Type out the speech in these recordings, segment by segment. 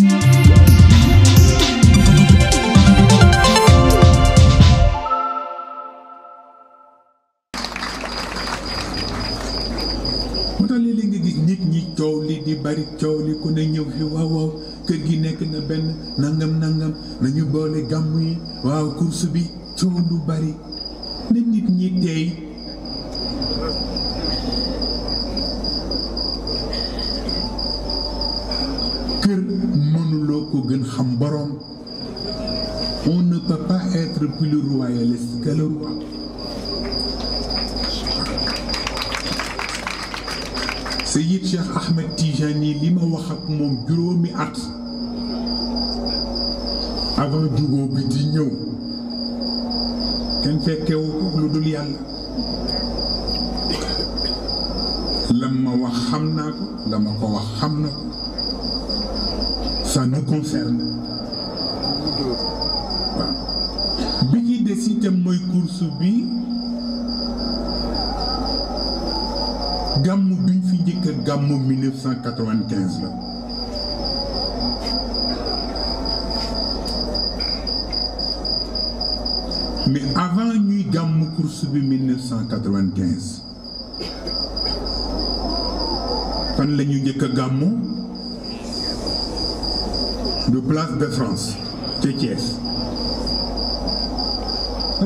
coow li di bari coow li ku ne ñëw fi waaw waaw kër gi nekk na benn nangam nangam nañu boole gàmm yi waaw course bi coow lu bari nit ñi tey gën xam boroom on ne peut Seyid Cheikh Ahmed Tijani li ma wax ak moom juróomi at avant jugoo bi di ñëw kenn fekkewu ko lu dul yàlla lam ma wax xam naa ko la ma ko wax xam na ça ne concerne bi ci des itam mooy course bi gàmmu bi ñu fi njëkk a gàmmu 1995 la mais avant ñuy gàmmu course bi fan la ñu gàmmu du place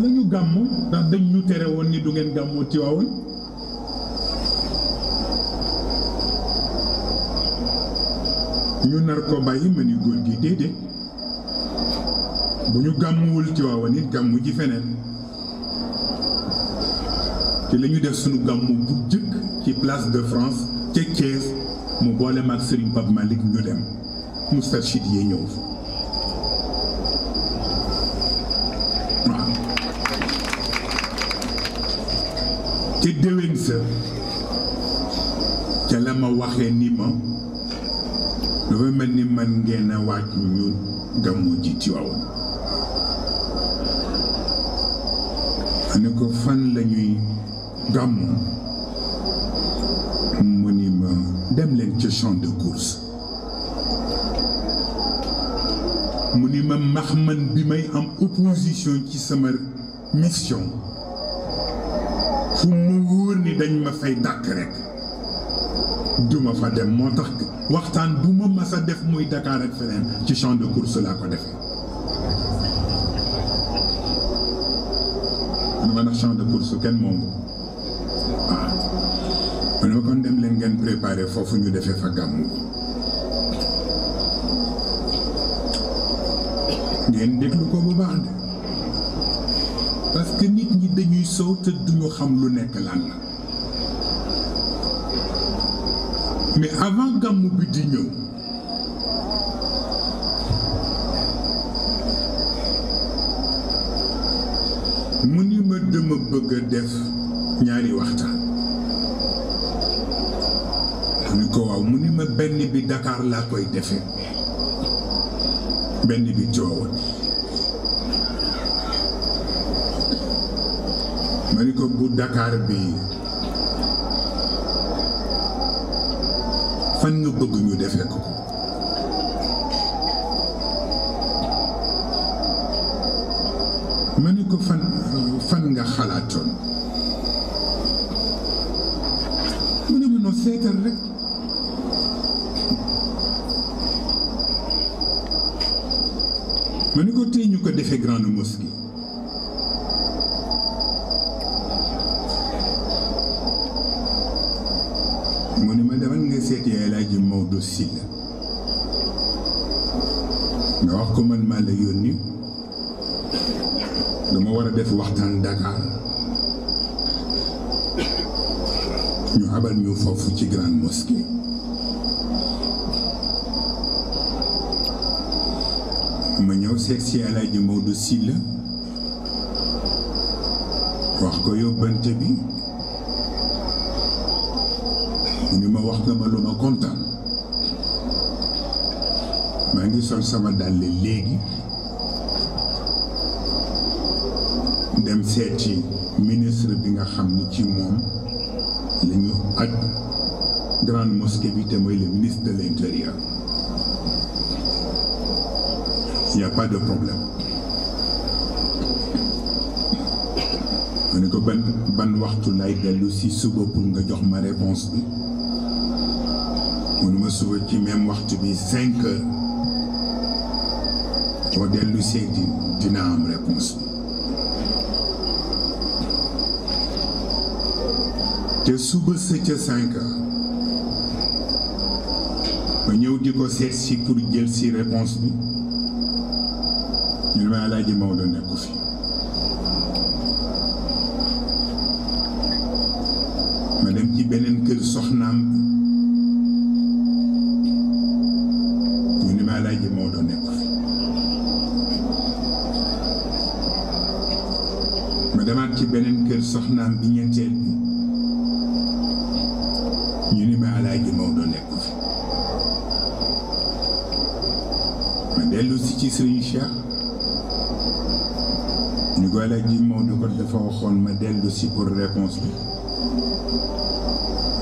de ñu gàmmu ndax dañ ñu tere woon ni du ngeen gàmmu Tiwaawoon ñu nar ko bàyyi ma ni góor gi déedéet bu ñu gàmmuwul Tiwaawoon it gàmmu ji feneen te lañu def sunu gàmmu bu jëkk ci place de France ca Thiès mu boole maag Serigne Pape Malick ñu dem. Moustarchid yi ñëw fa waaw déwén sa ca la ma waxee ni ma dafa mel ni man ngeena a waaj ñu gàmmu ji ci waaw ma ne ko fan lañuy gàmmu mu ni ma dem leen ca champ de course mu ni ma max man bi may am opposition ci sama mission fu mu wóor ni dañ ma fay dàkk rek duma fa dem moo tax waxtaan bu ma def muy Dakar ak feneen ci champ de course laa ko defee ma ndax champ de course kenn moom waaw ah. ma ne kon dem leen ngeen préparé foofu ñu defee fa gàmmu ngeen déglu ko bu baax de parce que nit ñi dañuy sow te duñu xam lu nekk lan la mais avant gàmmu bi di ñëw mu ni ma dama bëgg def ñaari waxtaan mu ko waaw mu ni ma benn bi Dakar laa koy defee benn bi coow ma ni ko bu Dakar bi fan nga bëgg ñu defee ko ma ni ko fan fan nga xalaatoon mu ne ma seetal rek mu ni ko tey ñu ko defee grande mosquée mu ne ma demal nga seet yaay laa ji Maodo Sy la nga wax ko man maa la yónni dama war a def waxtaan Dakar ñu abal ñu foofu ci grande mosquée ma ñëw seeg si El Hadj Maodo Sylla wax ko yóbbante bi mu ma wax nga ma lu ma kontaan maa ngi sol sama dàll léegi dem seeti ministre bi nga xam ni ci moom la ñu aj grande bi te mooy le ministre de il n'y de problème ma ne ko ban ban waxtu lay dellu si suba pour nga jox ma réponse bi mënuma suba ci même waxtu bi cinq heures boo dellu see di dina am réponse te suba sa ca cinq ma ñëw di ko seet si pour jël si réponse bi booba Alaaji Maodo nekku fi ma dem ci beneen kër soxnaam ñu ni ma Alaaji Maodo nekku fi ma demaat ci beneen kër soxnaam bi ñetteel bi ñu ni ma Alaaji Maodo nekku fi ma dellu ci Sëriñ gola ji Maodo ko dafa waxoon ma dellu si pour réponse bi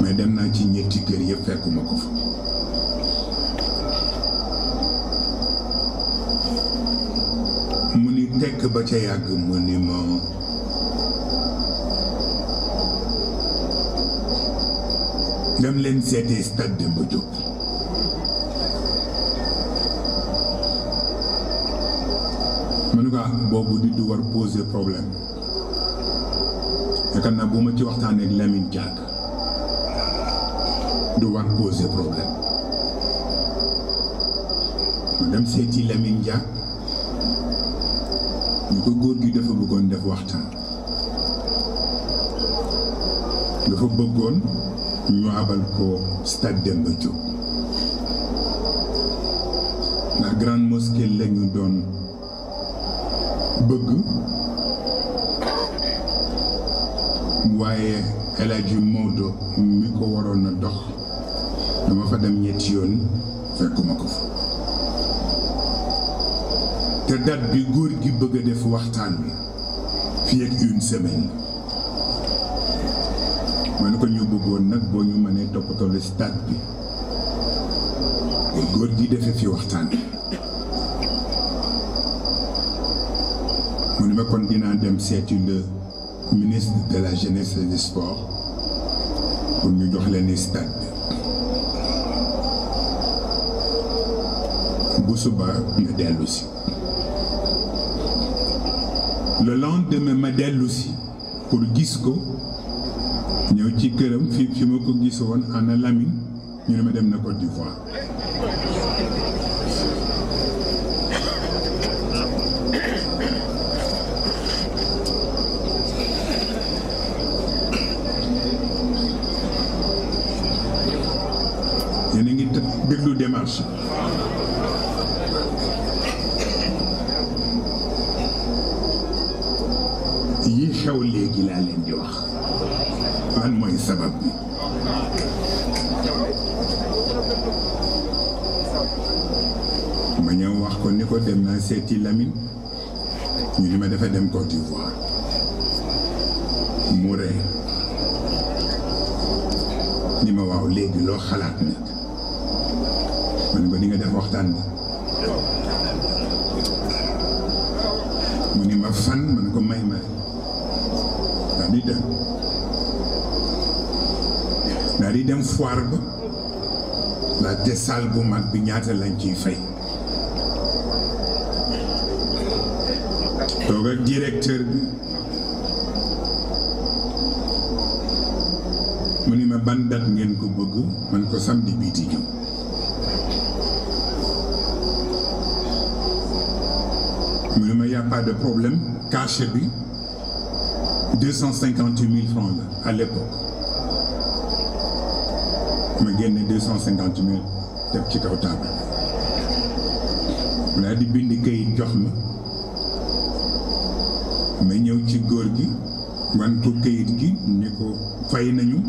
mais dem naa ci ñetti kër yëpp fekkuma ko fa mu ni tekk ba ca yàgg mu ni ma dem leen seetee stade Demba en tout cas boobu di du war poser problème yaakaar naa bu ma ci waxtaanee ak Lamine Diack du war poser problème ma dem seeti Lamine Diack ñu ko góor gi dafa bëggoon def waxtaan dafa bëggoon ñu abal ko stade Demba Diop ndax grande mosquée la doon. bëgg waaye El Hadji Maodo mi ko waroon na dox dama fa dem ñetti yoon fekkuma ko fa te date bi góor gi bëgg a def waxtaan bi fii ak une semaine ma ne ko ñu bëggoon nag boo ñu mënee toppatoo le stade bi góor gi defee fi waxtaan bi mu ne ma kon dinaa dem seeti le ministre de la jeunesse et des pour ñu jox leen stade bi bu subaa nga dellu si le lendemain ma dellusi pour gis ko ñëw ci këram fii fi ma ko gis woon ana Lamine ñu ne dem na Côte d'Ivoire xew léegi wax lan mooy sabab bi ma ñëw wax ko ni ko dem naa seeti Lamine ñu ni ma dafa dem Côte d'Ivoire mu ree ni ma waaw léegi loo xalaat nag ma ko ni def waxtaan bi mu ni ma fan ma ko may ma di dem daa di dem foire ba laajte salle bu mag bi ñaata lañ ciy fay toog directeur bi mu ni ma ban ngeen ko bëgg man ko samedi bii di ñëw mu ni ma y problème cachet bi deux cent cinquante mille francs la à l'époque ma génne cent cinquante mille def ci kaw table mu daal di bind kayit jox ma ma ñëw ci góor gi wan ko kayit gi ni ko fay nañu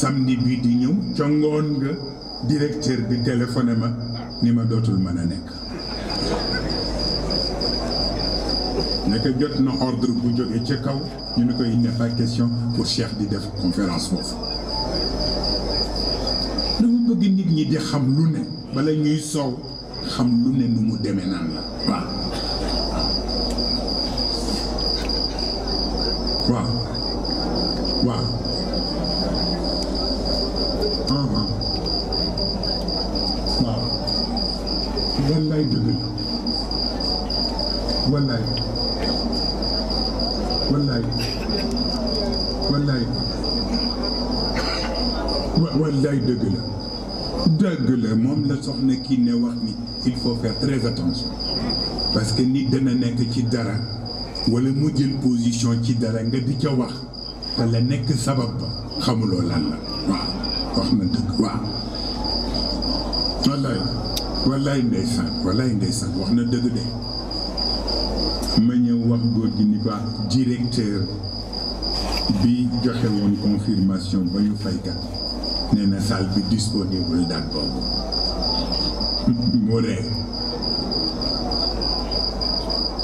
samedi bii di ñëw ca ngoon nga directeur bi téléphoné ma ni ma dootul mën a nekk nekk jot na ordre bu jógee ca kaw ñu ne ko il n'est question pour Cheikh di def conférence foofu dama bëgg nit ñi di xam lu ne bala ñuy soow xam lu ne nu mu demee naan la waaw waaw wallaay dëgg la dëgg la moom la soxna kii ne wax ni il faut faire très parce que nit dana nekk ci dara walla mu jël position ci dara nga di ca wax te la nekk sabab xamuloo lan la wax na dëgg waaw wallaay wallaay ndeysaan wallaay ndeysaan wax na dëgg de ma ñëw wax góor gi ni ba directeur bi joxe woon confirmation ba ñu faykat nee na bi disponible date boobu mu ree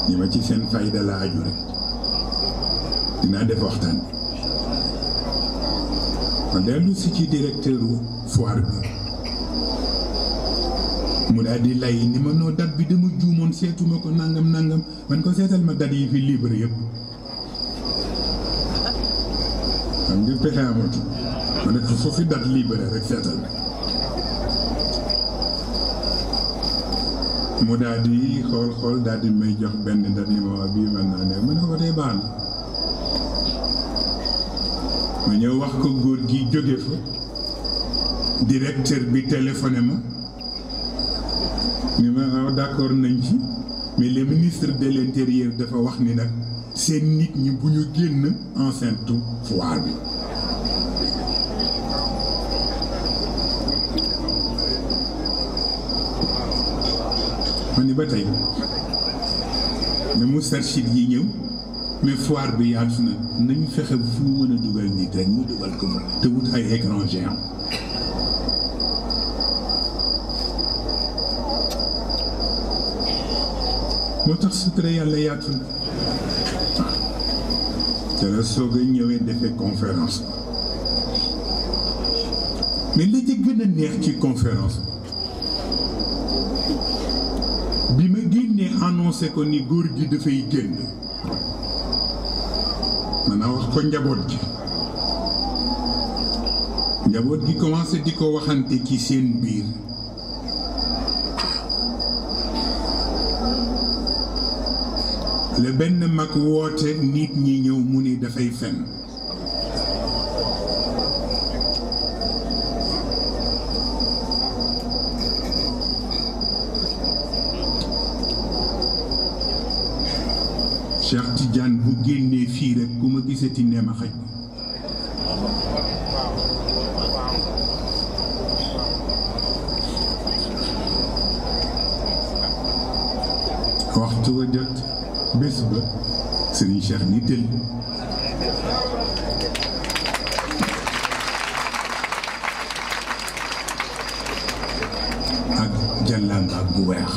ñi ma ci seen fayda rek dinaa def waxtaan ma dellu si ci directeur foire bi mu daal di lay ni ma noo date bi dama juumoon seetuma ko nangam nangam man ko seetal ma date yi fi libre yëpp xam nga pexe ma ne ko foofu date libéré rek mu daal di xool xool daal di may jox benn date ni ma bii mën naa ne ma baax na ma ñëw wax ko góor gi jóge fa directeur bi téléphoné ma ni ma waaw ah, d'accord nañ ci mais le ministre de l'intérieur dafa wax ni nag seen nit ñi bu ñu génn enceinte foire bi ma ba tey mu Moustarchid yi ñëw mais bi yaatu na nañu fexe fu ñu mën a dugal nit rek ñu dugal ko te wut ay écran géant moo tax sutura yàlla yaatu na te la soog a ñëwee defee conférence mais li ci neex ci conférence annoncé ko ni góor gi dafay génn maanaam wax ko njaboot gi njaboot gi commencé di ko waxante ci seen biir le benn mag woote nit ñi ñëw mu ni dafay fen Cheikh Tidiane bu génnee fii rek ku ma gisati ne ma xaj waxtu wa jot bés ba sëriñ Cheikh ni tël ak jàllaam ak bu weex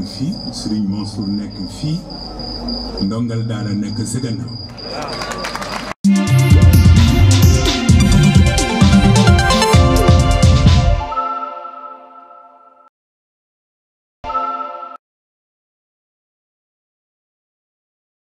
nekk fii Serigne Mansour nekk fii ndongal daara nekk si